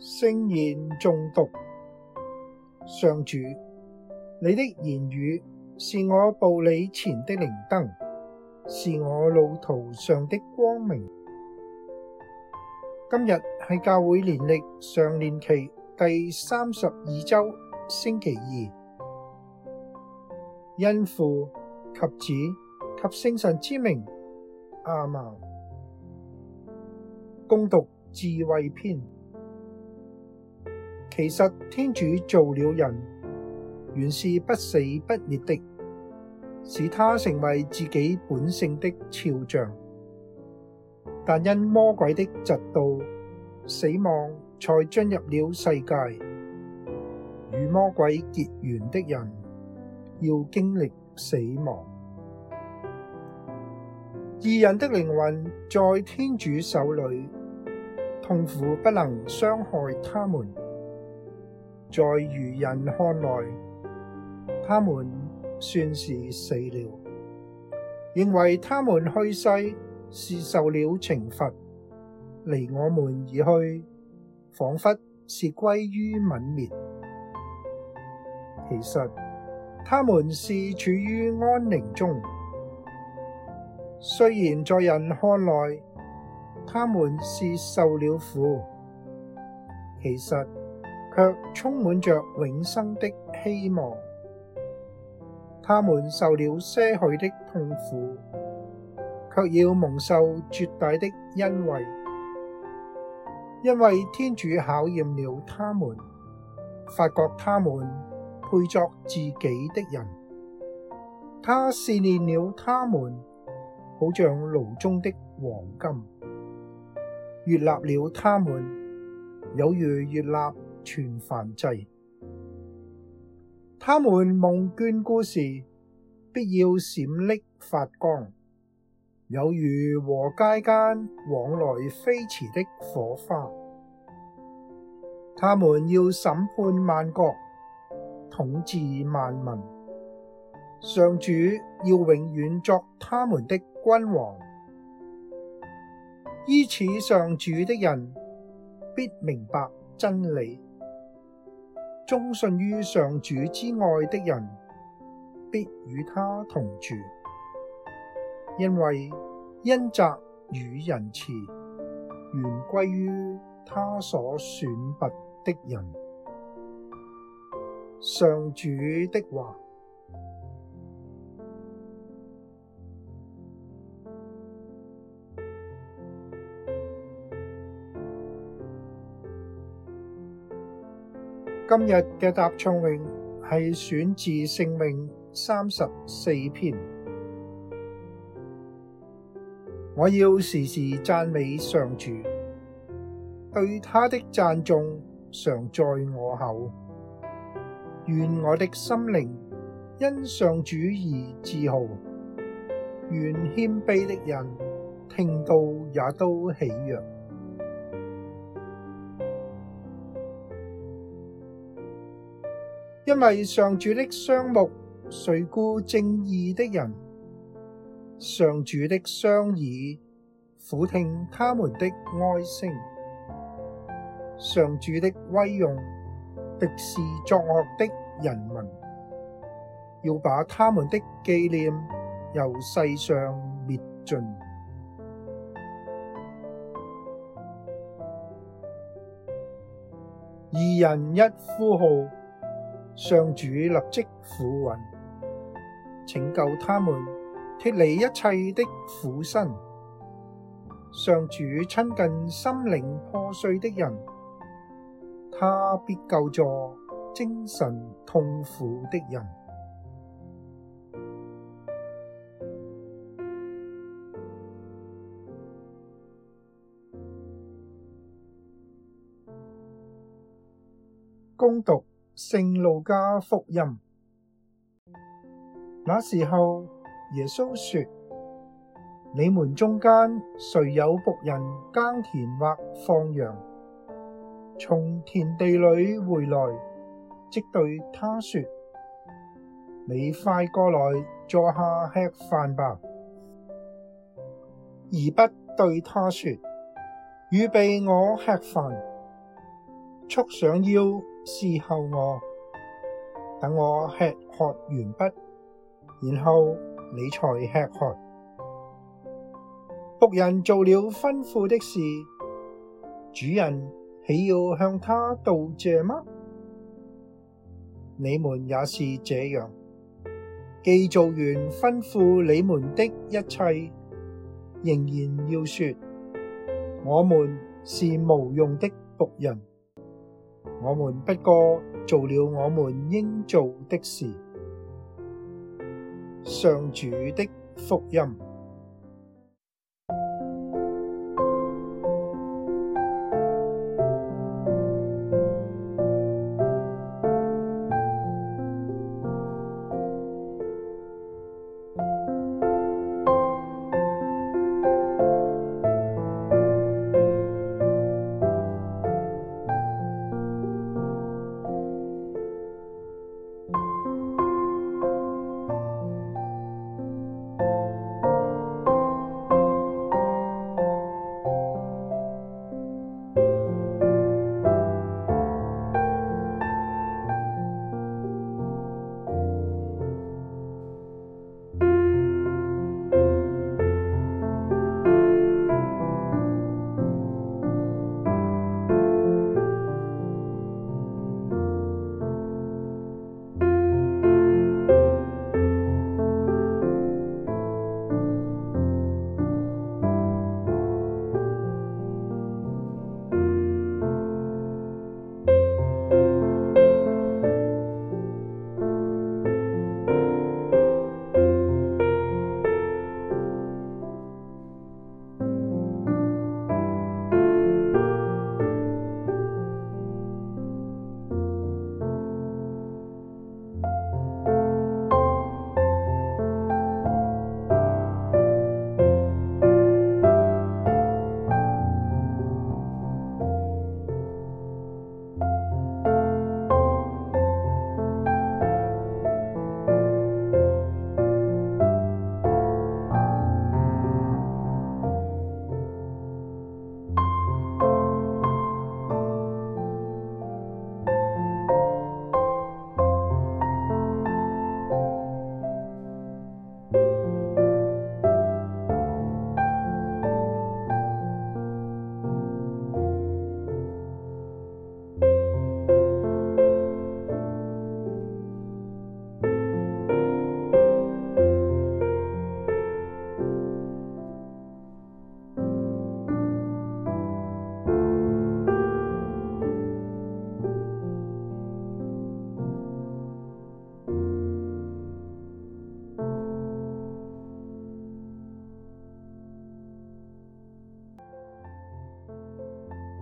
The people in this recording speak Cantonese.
聖言中毒，上主，你的言語是我步履前的靈燈，是我路途上的光明。今日係教會年曆常年期第三十二周星期二，因父及子及聖神之名阿們，恭讀智慧篇，其實天主造了人，原是不死不滅的，使他成為自己本性的肖像。但因魔鬼的嫉妒，死亡才進入了世界。與魔鬼結緣的人，要經歷死亡。義人的靈魂在天主手裏，痛苦不能傷害他們。在愚人看來，他們算是死了，認為他們去世。是受了懲罰，離我們而去，仿佛是歸於泯滅。其實，他們是處於安寧中，雖然在人看來，他們是受了苦，其實却充滿着永生的希望。他們受了些許的痛苦。卻要蒙受絕大的恩惠，因為天主考驗了他們，發覺他們配作自己的人。他試煉了他們，好像爐中的黃金；悅納了他們，有如悅納全燔祭。他們蒙眷顧時，必要閃爍發光。有如禾稭間往來飛馳的火花，他們要審判萬國，統治萬民。上主要永遠作他們的君王。倚恃上主的人必明白真理，忠信於上主之愛的人必與他同住。因為恩澤與仁慈，原歸於他所選拔的人。上主的話。今日嘅答唱詠係選自聖詠三十四篇。我要時時讚美上主，對他的讚頌常在我口。願我的心靈因上主而自豪，願謙卑的人聽到也都喜躍。因為上主的雙目垂顧正義的人。上主的雙耳俯聽他們的哀聲，上主的威容敵視作惡的人民，要把他們的記念由世上滅盡。義人一呼號，上主立即俯允，拯救他們，脫離一切的苦辛，上主親近心靈破碎的人，他必救助精神痛苦的人。恭讀聖路加福音，那時候。耶穌說：你們中間誰有僕人耕田或放羊，從田地裏回來，即對他說：你快過來坐下吃飯吧，而不對他說：預備我吃飯，束上腰伺候我，等我吃喝完畢，然後。你才吃喝？僕人做了吩咐的事，主人豈要向他道謝嗎？你們也是這樣，既做完吩咐你們的一切，仍然要說：我們是無用的僕人，我們不過做了我們應做的事。上主的福音。